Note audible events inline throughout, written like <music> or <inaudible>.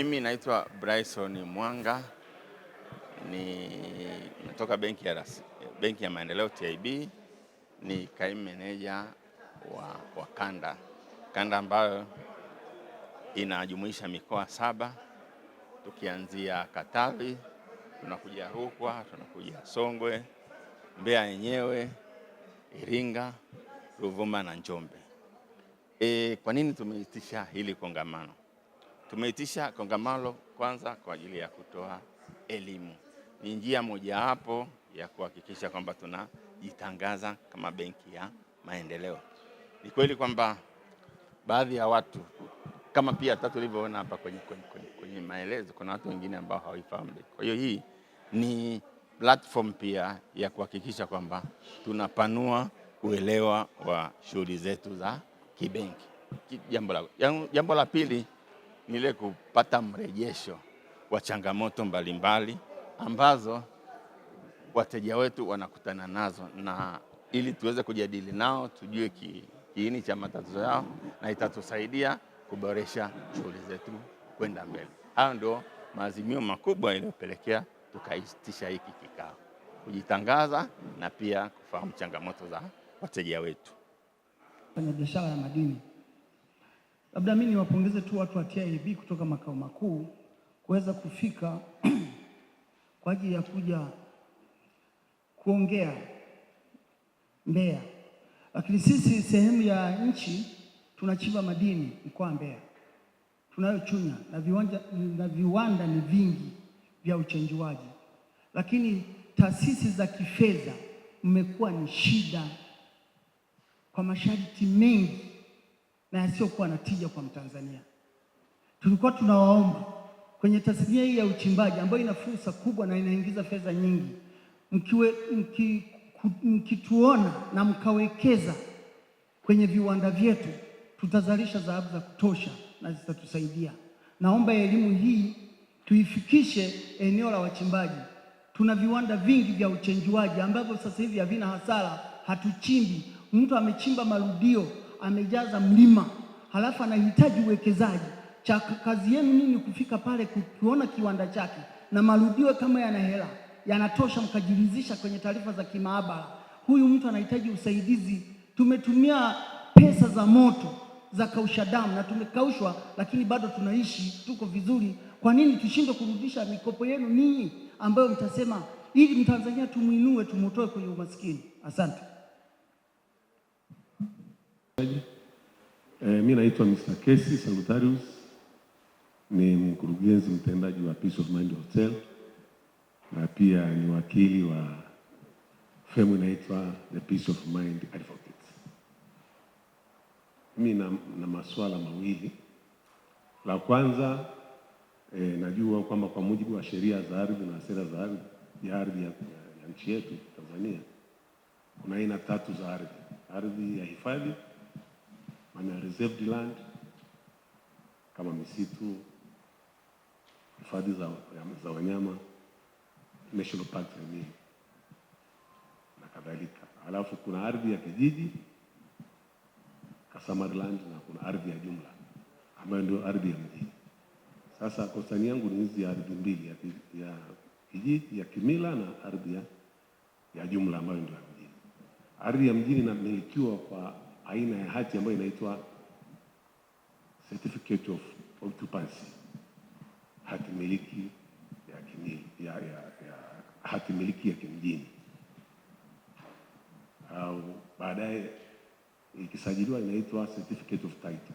Mimi naitwa Bryson Mwanga ni natoka benki ya, benki ya maendeleo TIB, ni kaimu meneja wa, wa kanda kanda ambayo inajumuisha mikoa saba tukianzia Katavi tunakuja Rukwa tunakuja Songwe, Mbeya yenyewe, Iringa, Ruvuma na Njombe. E, kwa nini tumeitisha hili kongamano? Tumeitisha kongamano kwanza kwa ajili ya kutoa elimu. Ni njia mojawapo ya kuhakikisha kwamba tunajitangaza kama benki ya maendeleo. Ni kweli kwamba baadhi ya watu kama pia hata tulivyoona hapa kwenye, kwenye, kwenye, kwenye maelezo kuna watu wengine ambao hawaifahamu. Kwa hiyo hii ni platform pia ya kuhakikisha kwamba tunapanua uelewa wa shughuli zetu za kibenki. Jambo la, jambo la pili ni ile kupata mrejesho wa changamoto mbalimbali ambazo wateja wetu wanakutana nazo, na ili tuweze kujadili nao tujue ki, kiini cha matatizo yao na itatusaidia kuboresha shughuli zetu kwenda mbele. Hayo ndio maazimio makubwa yaliyopelekea tukaitisha hiki kikao, kujitangaza na pia kufahamu changamoto za wateja wetu kwenye biashara ya madini. Labda mimi niwapongeze tu watu wa TIB kutoka makao makuu kuweza kufika <clears throat> kwa ajili ya kuja kuongea Mbeya, lakini sisi sehemu ya nchi tunachimba madini mkoa wa Mbeya, tunayochunya na viwanja, na viwanda ni vingi vya uchenjuaji, lakini taasisi za kifedha mmekuwa ni shida kwa masharti mengi na yasiyokuwa na tija kwa Mtanzania. Tulikuwa tunawaomba kwenye tasnia hii ya uchimbaji ambayo ina fursa kubwa na inaingiza fedha nyingi, mkiwe mkituona na mkawekeza kwenye viwanda vyetu, tutazalisha dhahabu za kutosha na zitatusaidia. Naomba elimu hii tuifikishe eneo la wachimbaji. Tuna viwanda vingi vya uchenjuaji ambavyo sasa hivi havina hasara, hatuchimbi. Mtu amechimba marudio amejaza mlima, halafu anahitaji uwekezaji. Cha kazi yenu nini? Kufika pale kukiona kiwanda chake, na marudio kama yana hela yanatosha, mkajiridhisha kwenye taarifa za kimaabara, huyu mtu anahitaji usaidizi. Tumetumia pesa za moto za kausha damu na tumekaushwa, lakini bado tunaishi, tuko vizuri. Kwa nini tushindwe kurudisha mikopo yenu ninyi, ambayo mtasema ili Mtanzania tumwinue, tumutoe kwenye umaskini? Asante. E, mi naitwa Mr. Kesi Salutarius, ni mkurugenzi mtendaji wa Peace of Mind Hotel na pia ni wakili wa femu inaitwa The Peace of Mind Advocates. Mi na, na masuala mawili. La kwanza e, najua kwamba kwa mujibu wa sheria za ardhi na sera za ardhi ya ardhi ya, ya nchi yetu Tanzania kuna aina tatu za ardhi: ardhi ya hifadhi ana reserved land kama misitu, hifadhi za, za wanyama national parks na kadhalika. alafu kuna ardhi ya kijiji land na kuna ardhi ya jumla ambayo ndio ardhi ya mji. Sasa kosani yangu ni hizi ardhi mbili ya, ya kijiji ya kimila na ardhi ya, ya jumla ambayo ndio ya mjini. Ardhi ya mjini inamilikiwa kwa aina ya hati ambayo inaitwa certificate of occupancy, hati miliki ya kimili, ya, ya, ya, hati miliki ya kimjini au baadaye ikisajiliwa inaitwa certificate of title.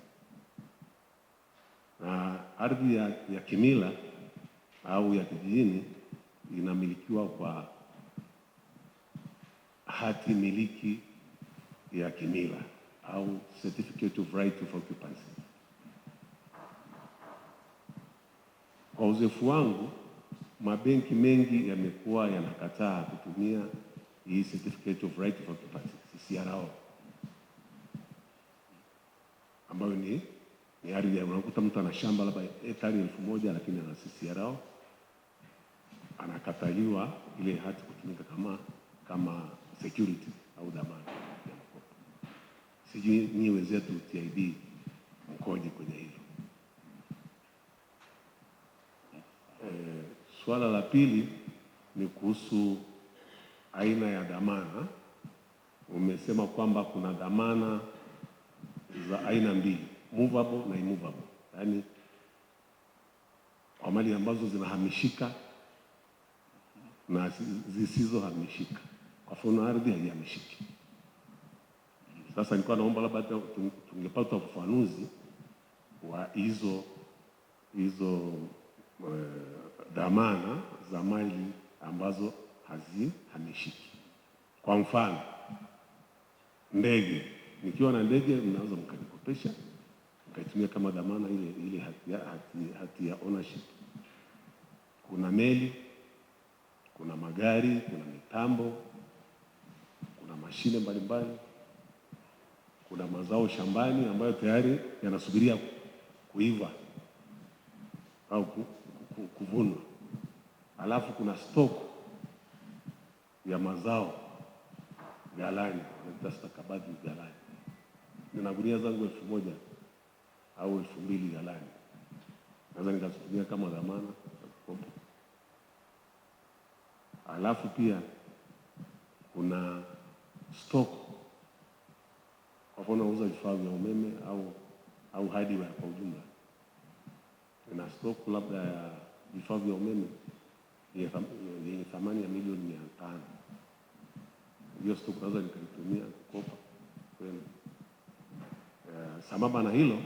Na ardhi ya, ya kimila au ya kijijini inamilikiwa kwa hati miliki ya kimila au certificate of right of occupancy. Kwa uzoefu wangu, mabenki mengi yamekuwa yanakataa kutumia hii certificate of right of occupancy CCRO, ambayo ni ni ardhi. Unakuta mtu ana shamba labda ekari elfu moja lakini ana CCRO, anakataliwa ile hati kutumika kama kama security au dhamana. Sijui nyinyi wenzetu TID mkoje kwenye hilo. E, eh, suala la pili ni kuhusu aina ya dhamana. Umesema kwamba kuna dhamana za aina mbili, movable na immovable, yaani kwa mali ambazo zinahamishika na zisizohamishika. Kwa mfano ardhi haihamishiki sasa nilikuwa naomba labda tungepata ufafanuzi wa hizo hizo e, dhamana za mali ambazo hazihamishiki. Kwa mfano ndege, nikiwa na ndege mnaweza mkanikopesha mkaitumia kama dhamana ile ile hati ya, hati, hati ya ownership. Kuna meli, kuna magari, kuna mitambo, kuna mashine mbalimbali kuna mazao shambani ambayo tayari yanasubiria kuiva au kuvunwa, alafu kuna stock ya mazao ghalani, stakabadhi ghalani. Nina gunia zangu elfu moja au elfu mbili ghalani, naweza nikazitumia kama dhamana. Alafu pia kuna stock wanaouza vifaa vya umeme au au hardware kwa ujumla, na stock labda ya vifaa vya umeme yenye thamani ya milioni mia tano hiyo stock naweza nikaitumia kukopa kwenu. Uh, eh, sambamba na hilo,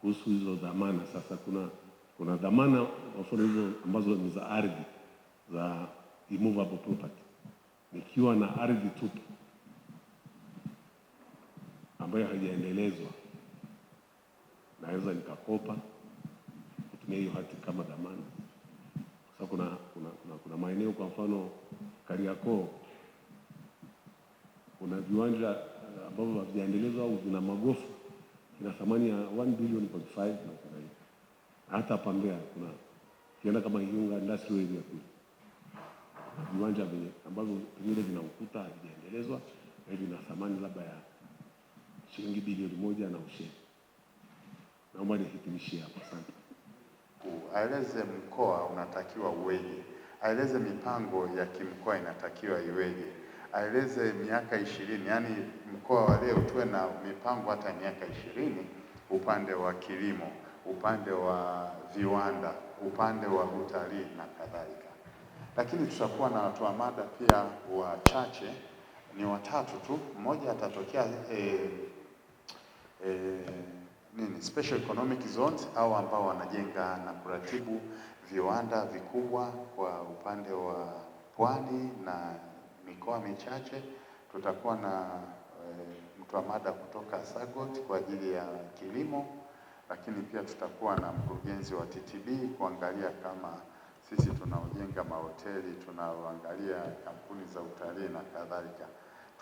kuhusu hizo dhamana sasa, kuna kuna dhamana kwa mfano hizo ambazo ni za ardhi za immovable property, nikiwa na ardhi tupu ambayo haijaendelezwa, naweza nikakopa kutumia hiyo hati kama dhamana. Sasa kuna, kuna, kuna, kuna maeneo kwa mfano Kariakoo kuna viwanja ambavyo havijaendelezwa au vina magofu ina thamani ya 1 bilioni point na hata hapa Mbeya kuna kienda kama Iunga industrial area kule viwanja ambavyo pengine vina ukuta havijaendelezwa na vina thamani labda ya shilingi bilioni moja na usheri. Naomba nihitimishie hapa, asante. Aeleze mkoa unatakiwa uweje, aeleze mipango ya kimkoa inatakiwa iweje, aeleze miaka ishirini, yaani mkoa wa leo tuwe na mipango hata miaka ishirini, upande wa kilimo, upande wa viwanda, upande wa utalii na kadhalika. Lakini tutakuwa na wa mada pia wachache, ni watatu tu, mmoja atatokea eh, eh, nini special economic zones au ambao wanajenga na kuratibu viwanda vikubwa kwa upande wa pwani na mikoa michache. Tutakuwa na eh, mtu wa mada kutoka SAGOT kwa ajili ya kilimo, lakini pia tutakuwa na mkurugenzi wa TTB kuangalia kama sisi tunaojenga mahoteli, tunaoangalia kampuni za utalii na kadhalika,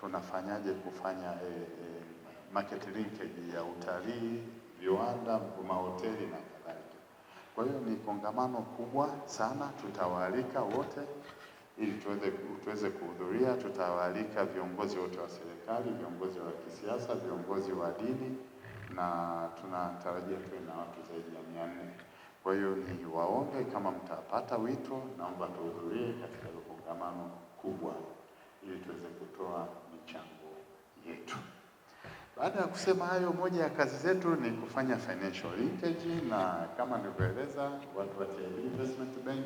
tunafanyaje kufanya e, e, market linkage ya utalii, viwanda, mahoteli na kadhalika. Kwa hiyo ni kongamano kubwa sana, tutawaalika wote ili tuweze tuweze kuhudhuria. Tutawaalika viongozi wote wa serikali, viongozi wa kisiasa, viongozi wa dini na tunatarajia tuwe na watu zaidi ya mia nne. Kwa hiyo ni waombe kama mtapata wito, naomba tuhudhurie katika kongamano kubwa ili tuweze kutoa michango yetu. Baada ya kusema hayo, moja ya kazi zetu ni kufanya financial linkage, na kama nilivyoeleza, watu wa TIB Investment Bank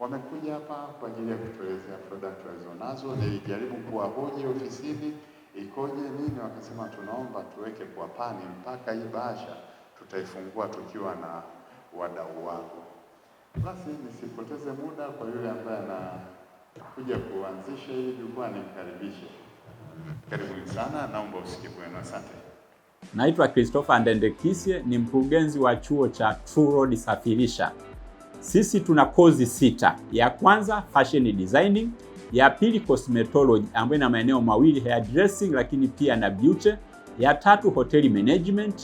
wamekuja hapa kwa ajili ya kutuelezea product walizonazo. Nilijaribu kuwahoji ofisini ikoje nini, wakasema tunaomba tuweke kwa pani mpaka hii bahasha tutaifungua tukiwa na wadau wako. Basi nisipoteze muda, kwa yule ambaye anakuja kuanzisha ili jukwaa, nimkaribishe. Karibuni sana, naomba usikivu wenu. Asante. Naitwa Christopher Ndendekisye, ni mkurugenzi wa chuo cha True Road Safirisha. Sisi tuna kozi sita. Ya kwanza fashion designing, ya pili cosmetology ambayo ina maeneo mawili hair dressing, lakini pia na beauty. Ya tatu hotel management.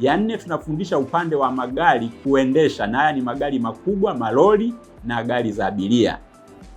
Ya nne tunafundisha upande wa magari kuendesha, na haya ni magari makubwa, malori na gari za abiria